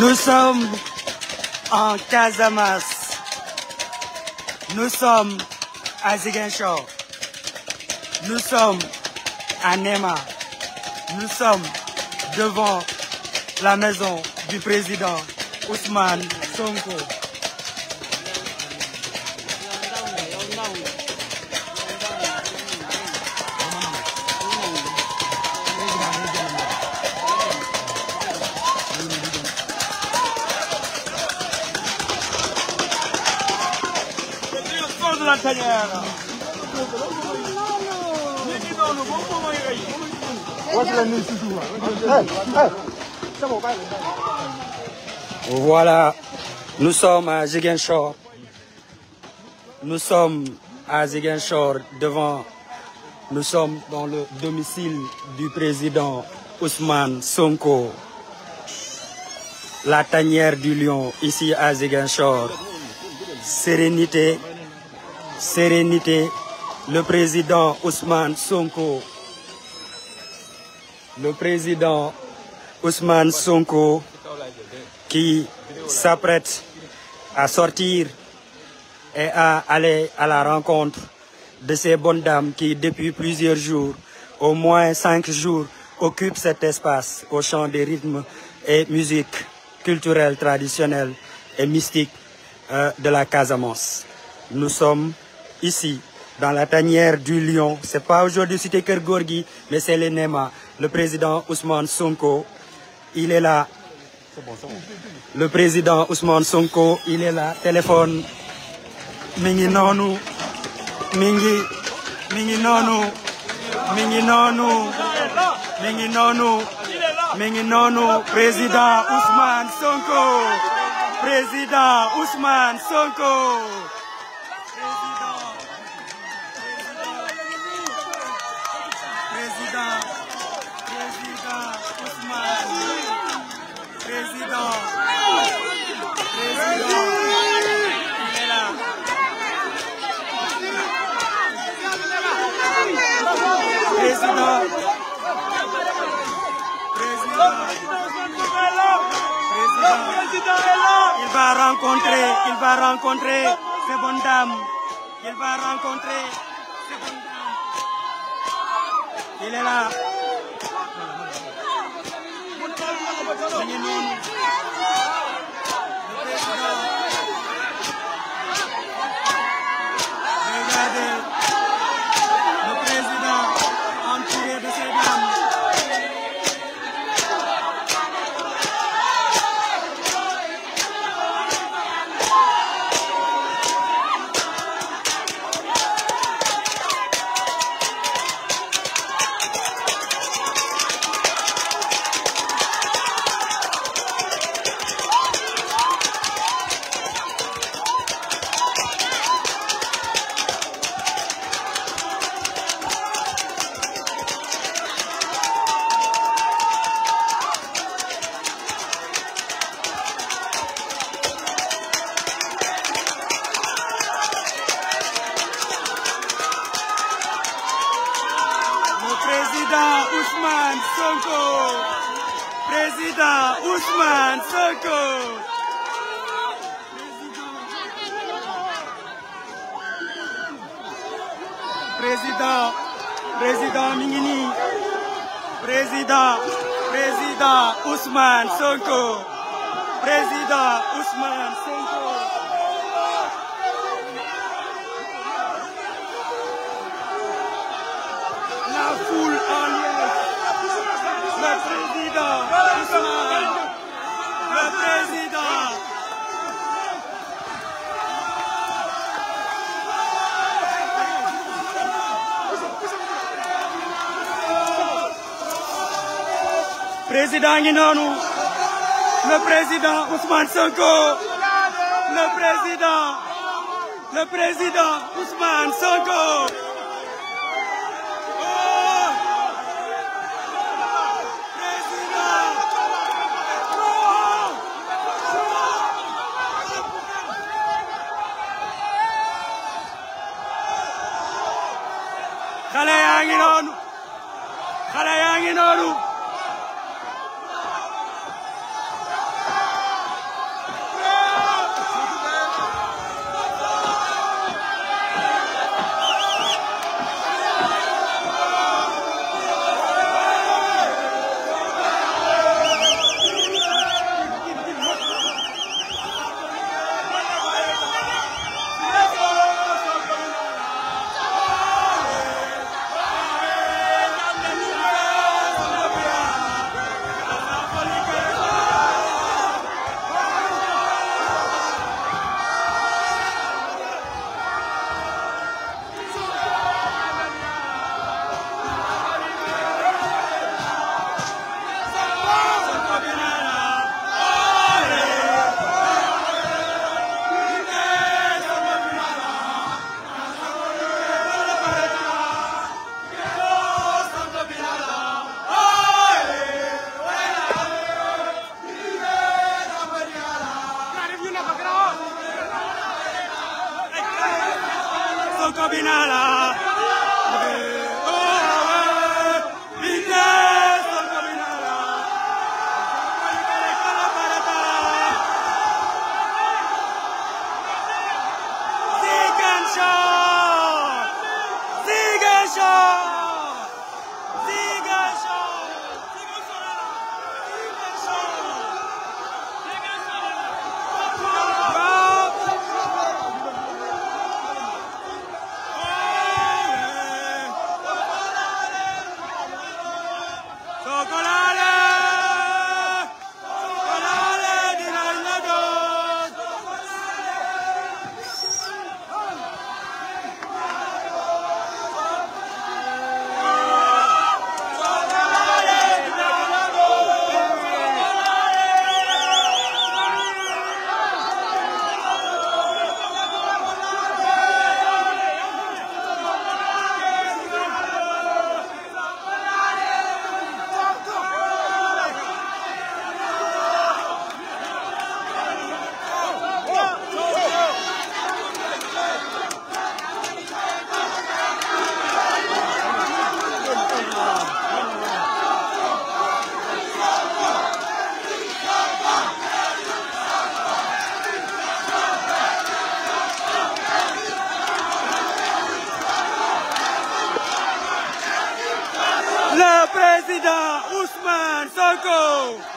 Nous sommes en Casamance. Nous sommes à Ziguinchor. Nous sommes à Néma. Nous sommes devant la maison du président Ousmane Sonko. Voilà, nous sommes à Ziguinchor. Nous sommes à Ziguinchor devant, nous sommes dans le domicile du président Ousmane Sonko. La tanière du lion ici à Ziguinchor. Sérénité. sérénité, le président Ousmane Sonko. Le président Ousmane Sonko qui s'apprête à sortir et à aller à la rencontre de ces bonnes dames qui, depuis plusieurs jours, au moins cinq jours, occupent cet espace au champ des rythmes et musiques culturelles, traditionnelles et mystiques euh, de la Casamance. Nous sommes ici, dans la tanière du lion. C'est pas aujourd'hui Cité Kergorgi, mais c'est le NEMA. Le président Ousmane Sonko, il est là. Le président Ousmane Sonko, il est là. Téléphone. Mingi nonu. Mingi. Mingi nonu. Mingi nonu. Mingi nonu. Mingi Président Ousmane Sonko. Président Ousmane Sonko. Président Président il est là Président Président il va rencontrer il va rencontrer ces bonnes dames il va rencontrer ces bonnes dames il est là président ngi noonu le président Ousmane Sonko le président le président Ousmane Sonko. xale yaa ngi noonu xale yaa ngi noonu go.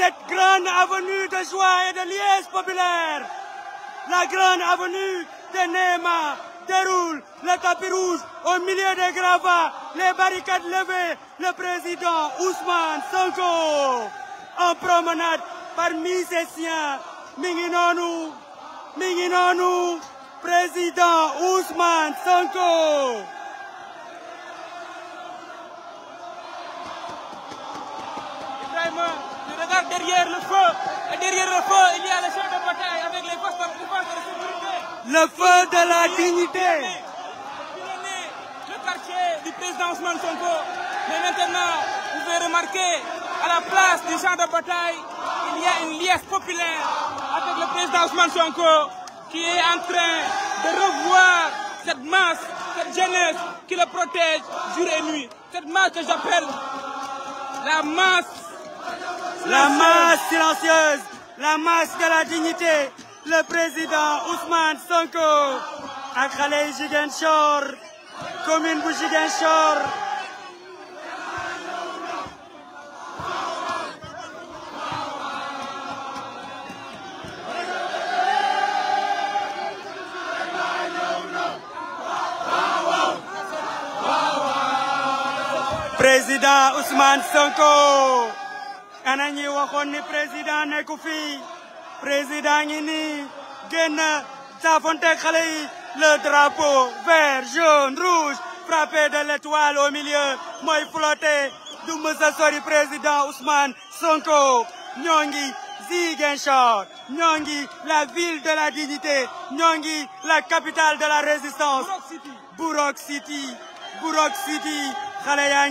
cette grande avenue de joie et de liesse populaire, la grande avenue de Neymar déroule le tapis au milieu des gravats, les barricades levées, le président Ousmane Sonko en promenade parmi ses siens. Mi président Ousmane Sonko. regarde derrière le feu. Et derrière le feu, il y a le chef de bataille avec les forces de sécurité. Le feu de la dignité. Le quartier du président Ousmane Sonko. Mais maintenant, vous pouvez remarquer, à la place du champ de bataille, il y a une liesse populaire avec le président Ousmane Sonko qui est en train de revoir cette masse, cette jeunesse qui le protège jour et nuit. Cette masse que j'appelle la masse La masse silencieuse, la masse de la dignité, le président Ousmane Sonko ak xale yi commune bu Ziguinchor Président Ousmane Sonko ana ñi waxoon ni président nekku fii président ngi nii génn saafonteeg xale yi le drapeau vert jaune rouge frappé de l'étoile au milieu mooy flotté du mësa président Ousmane Sonko ñoo ngi Ziguinchor ñoo ngi la ville de la dignité ñoo ngi la capitale de la résistance Bourok City Bourok City xale yaa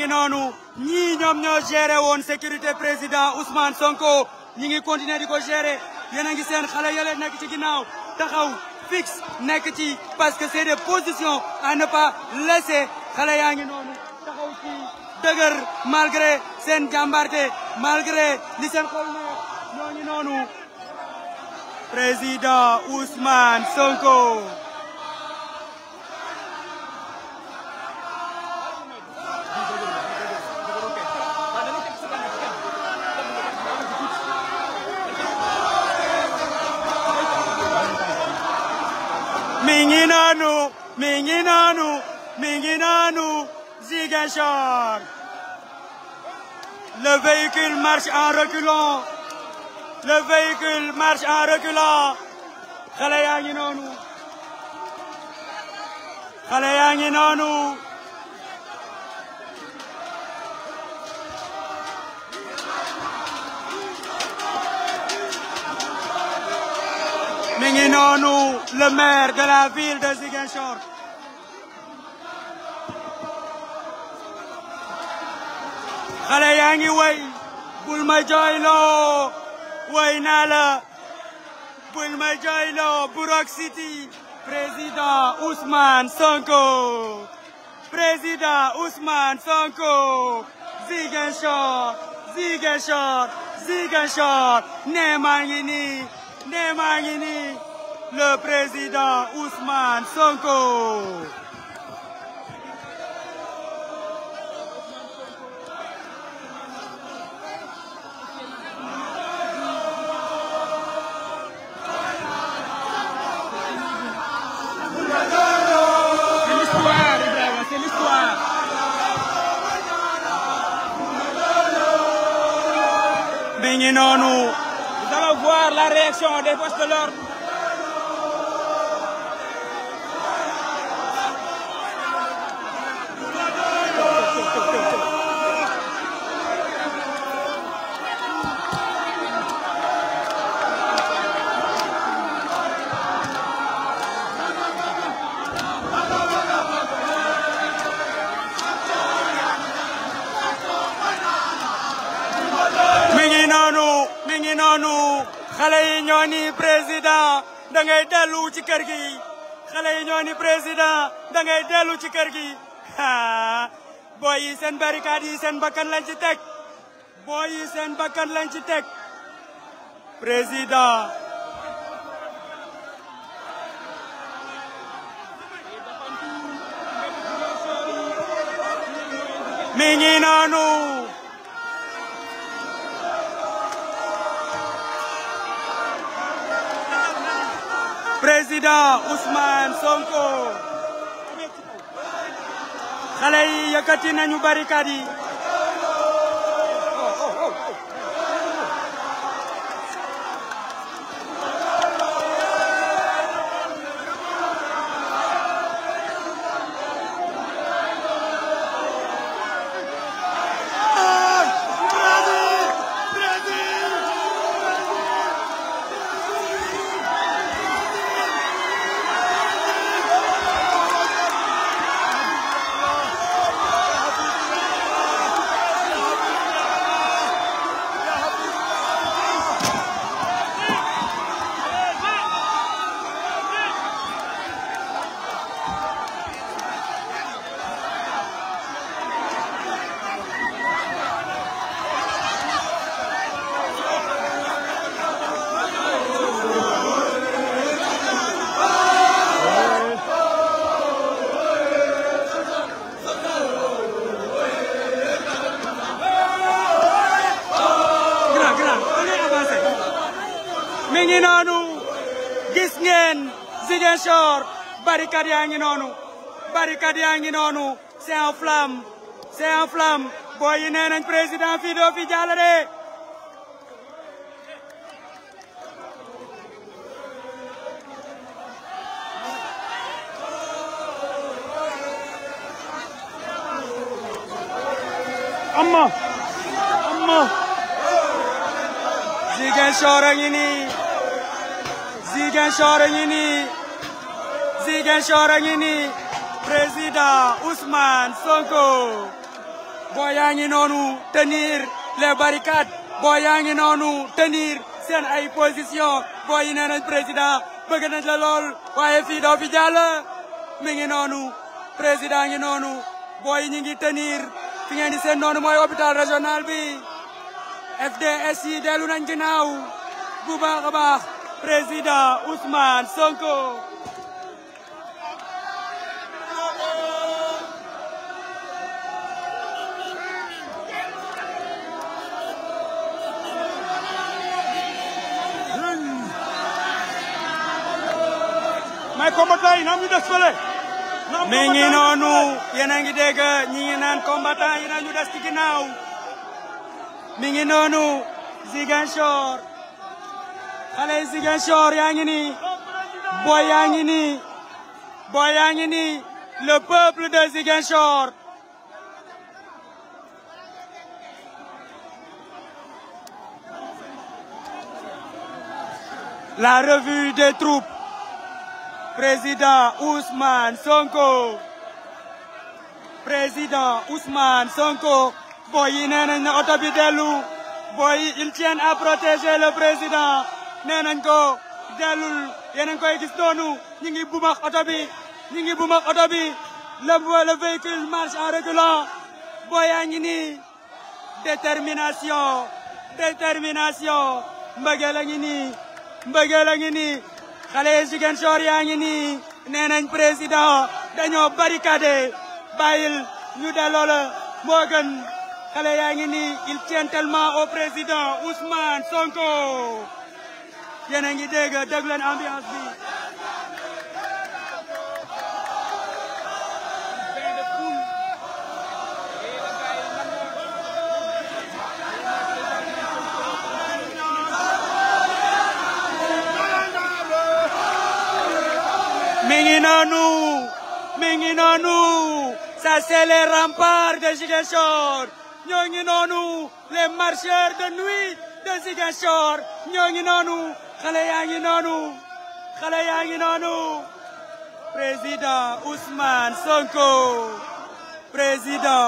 ngi noonu ñii ñoom ñoo géré woon sécurité président Ousmane Sonko ñi ngi continuer di ko géré yéen a ngi seen xale yële nekk ci ginnaaw taxaw fixe nekk ci parce que c'est des positions à ne pas laisser xale yaa ngi noonu taxaw ci dëgër malgré seen jàmbarte malgré li seen xol ne ñoo ngi noonu président Ousmane Sonko mi ngi noonu mi ngi noonu mi ngi noonu Ziguinchor le véhicule en reculant le véhicule marche en reculant mi ngi noonu le maire de de Ziguinchor. xale yaa ngi way bul ma jooyloo way naa la bul ma jooyloo City président Ousmane Sonko président Ousmane Sonko Ziguinchor Ziguinchor Ziguinchor ne maa ngi nii le président Ousmane Sonko. mi ngi noonu voir la réaction des forces de xale yi ñoo ni président da ngay dellu ci kër gi xale yi ñoo ni président da ngay dellu ci kër gi booy yi seen barricade yi seen bakkan lañ ci teg booy yi seen bakkan lañ ci teg président mi ngi noonu président Ousmane Sonko xale yi yëkkati nañu barricade yi yaa ngi noonu barricade yaa ngi noonu c'est en flamme c'est en flamme booy yi nee président fii fi jàll de amma amma Ziguinchor Ziguinchor a ngi nii président Ousmane Sonko booy yaa ngi noonu tenir les barricades yaa ngi noonu tenir seen ay position booy yi nee nañ président bëgg nañ la waaye fii doo fi jàll mi ngi noonu président ngi noonu booy yi ñu ngi tenir fi ngeen di seen noonu mooy hôpital régional bi FDS yi dellu nañ ginnaaw bu baax a baax président Ousmane mais combattant yi na am des fële. mi ngi noonu yéen a ngi dégg ñi ngi naan combattant yi na ñu des ci ginnaaw. mi ngi noonu Ziguinchor xale yi Ziguinchor yaa ngi nii booy yaa ngi nii le peuple de Ziguinchor. La revue des troupes. Président Ousmane Sonko président Ousmane Sonko boy yi nee nañ na bi dellu boy yi ils tiennent à protéger le président nee nañ ko dellul yéen a ngi koy gis noonu ñi ngi bumax oto bi ñi ngi bumax oto bi le le véhicule marche en reculant boy yaa ngi nii détermination détermination mbëggeel a ngi nii a ngi nii xale Ziguinchor yaa ngi nii nee nañ président dañoo barricadé bàyyil ñu delloo la moo xale yaa ngi nii il tient tellement au président Ousmane Sonko yéen ngi dégg déglu leen ambiance ngi noonu mi ngi noonu ça c'est les remparts de Ziguinchor ñoo ngi noonu les marcheurs de nuit de Ziguinchor ñoo ngi noonu xale yaa président Ousmane Sonko président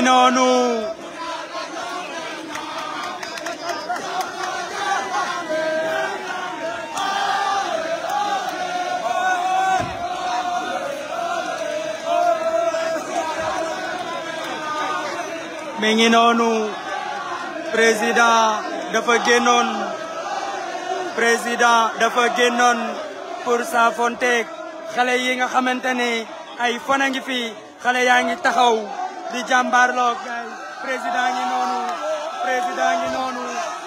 ngi noonu mi ngi noonu président dafa génnoon président dafa génnoon pour s'affronter xale yi nga xamante ne ay fan a ngi fi xale yaa ngi taxaw di jàmbaarloo gay président ngi noonu président ngi noonu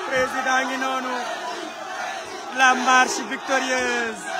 président ngi noonu la marche victorieuse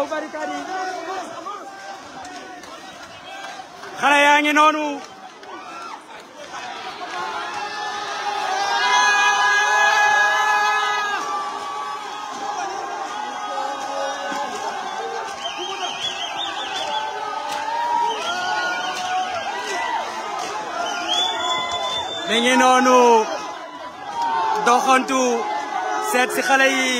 kaw barricade yi xale yaa ngi noonu mi ngi noonu doxantu seet si xale yi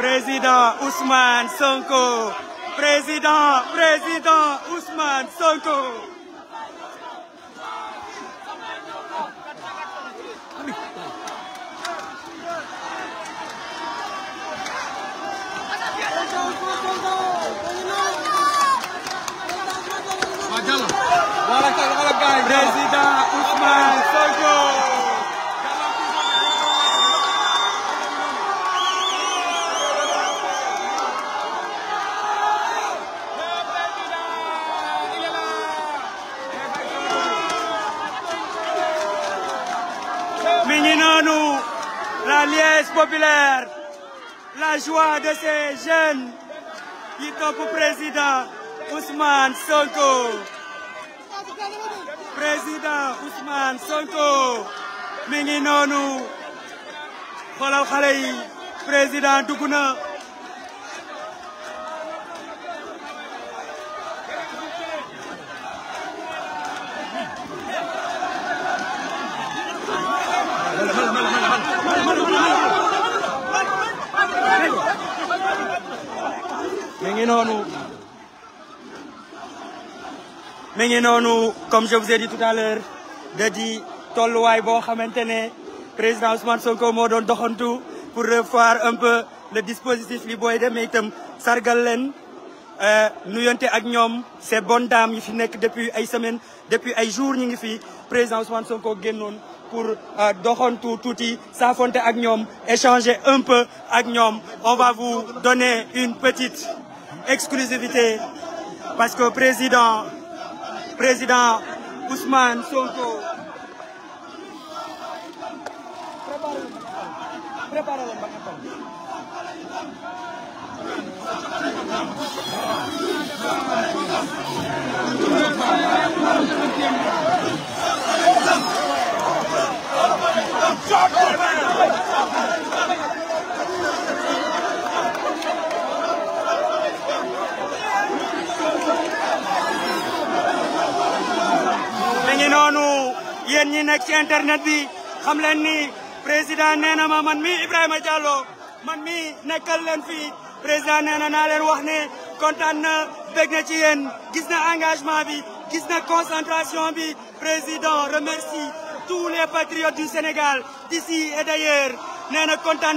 président Ousmane Sonko président président Ousmane Sonko. président Ousmane. liesse populaire la joie de ces jeunes yi topp président Ousmane Sonko président Ousmane Sonko mi ngi noonu xoolal président dugg na noonu mi ngi noonu comme je vous ai dit tout à l'heure da di tolluwaay boo xamante ne président Ousmane Sonko moo doon doxantu pour revoir un peu le dispositif li booy demee itam sargal leen euh, nuyonte ak ñoom ces bonnes dames yi fi nekk depuis ay semaines depuis ay jours ñi ngi fi président Ousmane Sonko pour euh, doxantu tuuti saafonte ak ñoom échanger un peu ak ñoom on va vous donner une petite exclusivité parce que président président Ousmane Sonko préparez nekk ci internet bi xam leen ni président nee na ma man mi Ibrahima Diallo man mi nekkal leen fi président nee na naa leen wax ne kontaan na na ci yéen gis na engagement bi gis na concentration bi président remercie tous les patriotes du Sénégal d'ici et d'ailleurs nee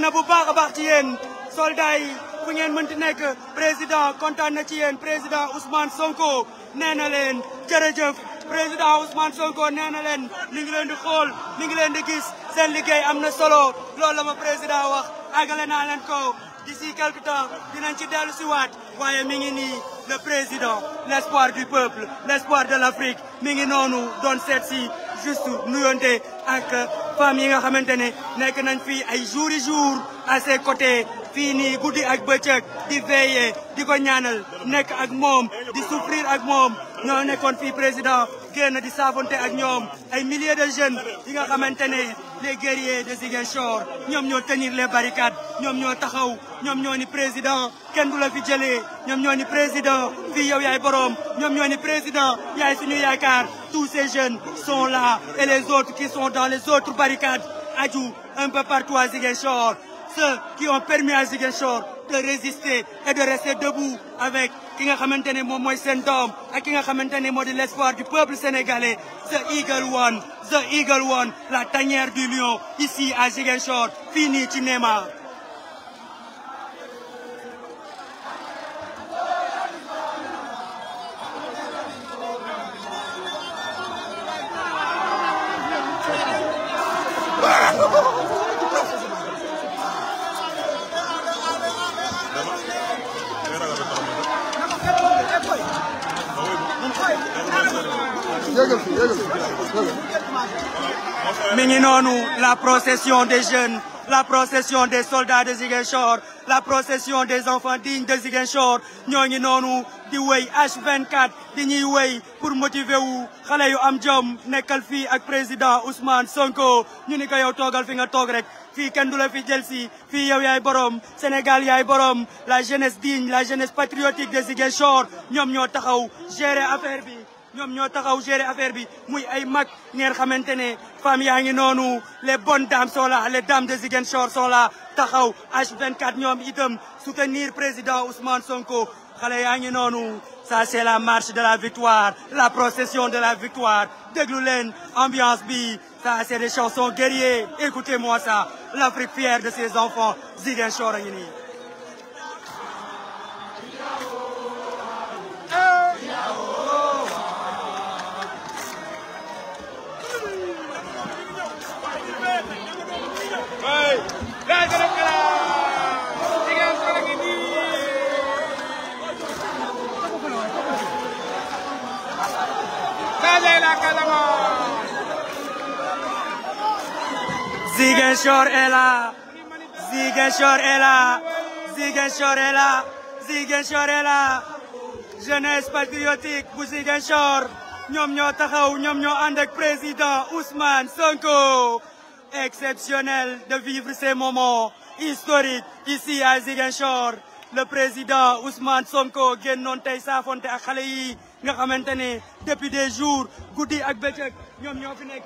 na bu baax a baax ci yéen soldats yi fu ngeen mënti nekk président kontaan na ci yéen président Ousmane Sonko nee leen jërëjëf président Ousmane Sonko nee na leen mi di xool mi ngi leen di gis seen liggéey am na solo lool la ma président wax àggale naa leen ko d'ici quelque temps dinañ ci dellu si waat waaye mi ngi nii le président l'espoir du peuple l'espoir de l'Afrique mi ngi noonu doon seet si juste nuyonte ak femmes yi nga xamante ne nekk nañ fii ay jours et jours à ses côtés fii nii guddi ak bëccëg di veiller di ko ñaanal nekk ak moom di souffrir ak moom ñoo nekkoon fii président génn di saabonte ak ñoom ay milliers de jeunes yi nga xamante ne les guerriers de Ziguinchor ñoom ñoo tenir les barricades ñoom ñoo taxaw ñoom ñoo ni président kenn du la fi jëlee ñoom ñoo ni président fii yow yaay boroom ñoo ni président yaay suñu yaakaar tous ces jeunes sont là et les autres qui sont dans les autres barricades aju un peu partout à Ziguinchor ceux qui ont permis à Ziguinchor de résister et de rester debout avec ki nga xamante ne moom mooy seen doom ak ki nga xamante ne moo di l'espoir du peuple sénégalais the eagle one the eagle one la tanière du lion ici à Ziguinchor fii nii ci Némar mi ngi noonu la procession des jeunes la procession des soldats de Ziguinchor la procession des enfants dignes de Ziguinchor ñoo ngi noonu di way H24 di ñuy wéy pour motiver wu xale yu am jom nekkal fii ak président Ousmane Sonko ñu ni ko yow toogal fi nga toog rek fii kenn du la fi jël si fii yow yaay borom Sénégal yaay borom la jeunesse digne la jeunesse patriotique de Ziguinchor ñoom ñoo taxaw gérer affaire bi. ñoom ñoo taxaw gérer affaire bi muy ay mag ngeen xamante ne femmes yaa ngi noonu les bonnes dames sont là les dames de Ziguinchor sont là taxaw H24 ñoom itam soutenir président Ousmane Sonko xale yaa ngi noonu ça c'est la marche de la victoire la procession de la victoire déglu leen ambiance bi ça c'est des chansons guerriers écoutez-moi ça l'Afrique fière de ses enfants Ziguinchor a ngi Ziguinchor est là Ziguinchor est là Ziguinchor est là Ziguinchor est là jeunesse patriotique bu Ziguinchor ñoom ñoo taxaw ñoom ñoo ànd ak président Ousmane Sonko exceptionnel de vivre ces moments historiques ici à Ziguinchor le président Ousmane Sonko génnoon tey saafonte ak xale yi nga xamante ne depuis des jours guddi ak bëccëg ñoom ñoo fi nekk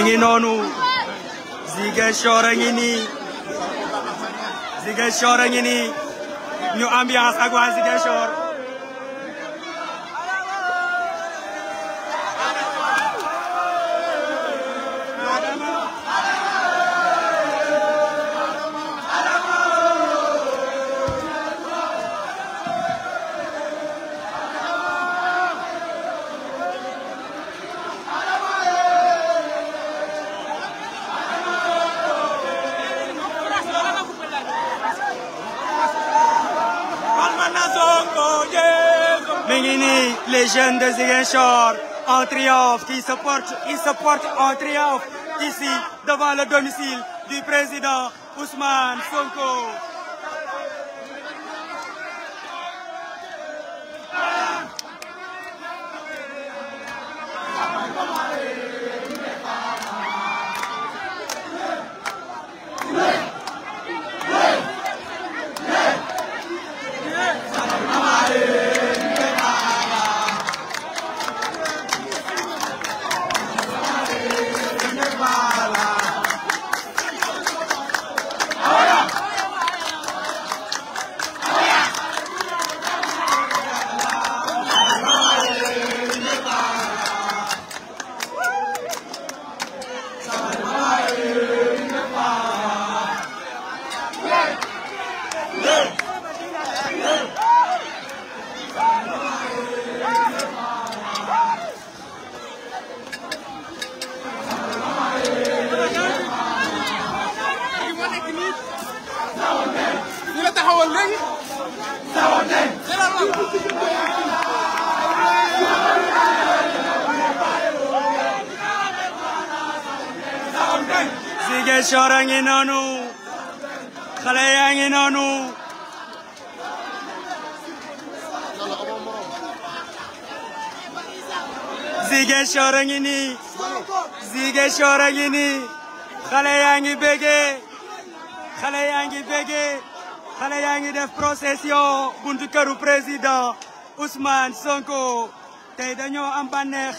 mi noonu Ziguinchor a ngi nii Ziguinchor a ngi nii ñu ambiance ak waa Ziguinchor jeunes de Ziguinchor en triomphe qui se portent, ils se en triomphe ici devant le domicile du président Ousmane Sonko. Ziguinchor a ngi nii Ziguinchor a ngi nii xale yaa ngi béggee xale yaa ngi béggee yaa ngi def procession buntu këru président Ousmane Sonko tey dañoo am bànneex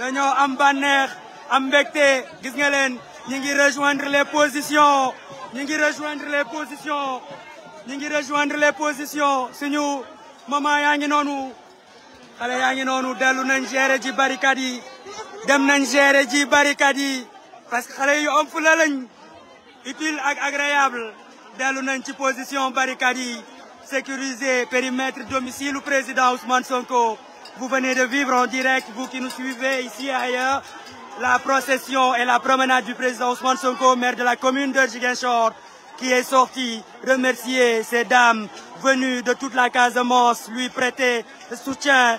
dañoo am bànneex am mbégte gis nga leen ñi ngi rejoindre les positions ñi ngi rejoindre les positions ñi ngi rejoindre les positions suñu maman yaa ngi noonu xale yaa ngi noonu dellu nañ gérer ji barricade yi dem nañ gérer ji barricade yi parce que xale yu am fula lañ utile ak agréable dellu nañ ci position barricade yi sécuriser périmètre domicile président Ousmane Sonko. Vous venez de vivre en direct, vous qui nous suivez ici ailleurs, la procession et la promenade du président Ousmane Sonko, maire de la commune de Ziguinchor, qui est sorti remercier ces dames venus de toute la Casamance lui prêter soutien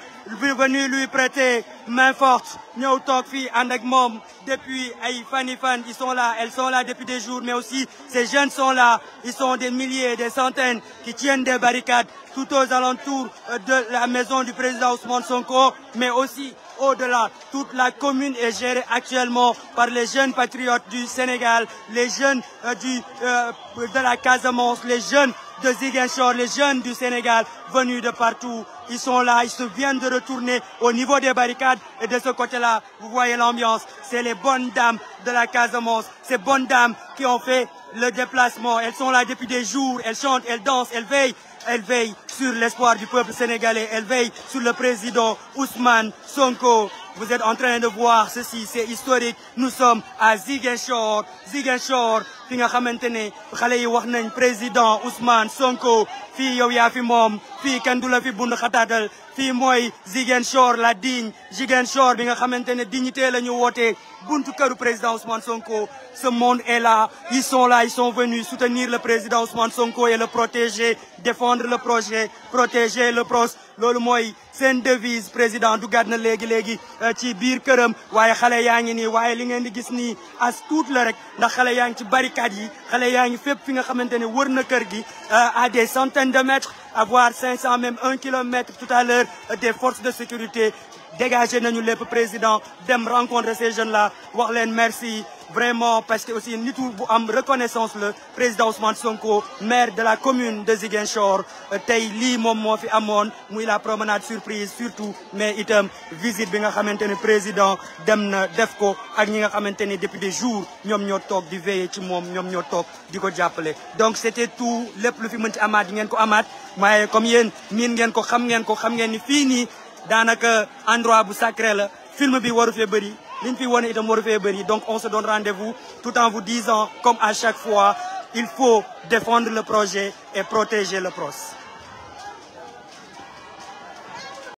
venu lui prêter main forte ñëw toog fii ànd ak moom depuis ay fani fan ils sont là elles sont là depuis des jours mais aussi ces jeunes sont là ils sont des milliers des centaines qui tiennent des barricades tout aux alentours euh, de la maison du président Ousmane Sonko mais aussi au-delà toute la commune est gérée actuellement par les jeunes patriotes du Sénégal les jeunes euh, du euh, de la Casamance les jeunes de Ziguinchor, les jeunes du Sénégal venus de partout. Ils sont là, ils se viennent de retourner au niveau des barricades. Et de ce côté-là, vous voyez l'ambiance. C'est les bonnes dames de la Casamance, ces bonnes dames qui ont fait le déplacement. Elles sont là depuis des jours, elles chantent, elles dansent, elles veillent. Elles veillent sur l'espoir du peuple sénégalais, elles veillent sur le président Ousmane Sonko. Vous êtes en train de voir ceci, c'est historique. Nous sommes à Ziguinchor, Ziguinchor, fi nga xamante ne xale yi wax nañ président Ousmane Sonko fii yow yaa fi moom fii kenn du la fi bund xataatal fii mooy Ziguinchor la digne Ziguinchor bi nga xamante ne dignité la ñu woote buntu këru président Ousmane Sonko ce monde est là ils sont là ils sont venus soutenir le président Ousmane Sonko et le protéger défendre le projet protéger le pros loolu mooy seen devise président du gàdd na léegi léegi euh, ci biir këram waaye xale yaa ngi nii waaye li ngeen di gis nii as tuut la rek ndax xale yaa ngi ci barricade yi xale yaa ngi fépp fi nga xamante ne wër na kër gi euh, à des centaines de mètres à voire 500 même kilomètre tout à euh, des forces de sécurité dégagé nañu lépp président dem rencontrer ces jeunes là wax leen merci vraiment parce que aussi nitu bu am reconnaissance le président Ousmane Sonko maire de la commune de Ziguinchor euh, tey lii moom moo fi amoon muy la promenade surprise surtout mais itam visite bi nga xamante ne président dem na def ko ak ñi nga xamante ne depuis des jours ñoom ñoo toog di veiller ci moom ñoom ñoo toog di ko jàppale donc c'était tout lépp lu fi mën ci amaat di ko amaat waaye comme yéen miin ngeen ko xam ngeen ko xam ngeen ni fii nii daanaka endroit bu sacré la film bi waru fee bëri liñ fi wane itam waru bëri donc on se donne rendez tout en vous disant comme à chaque fois il faut défendre le projet et protéger le PROS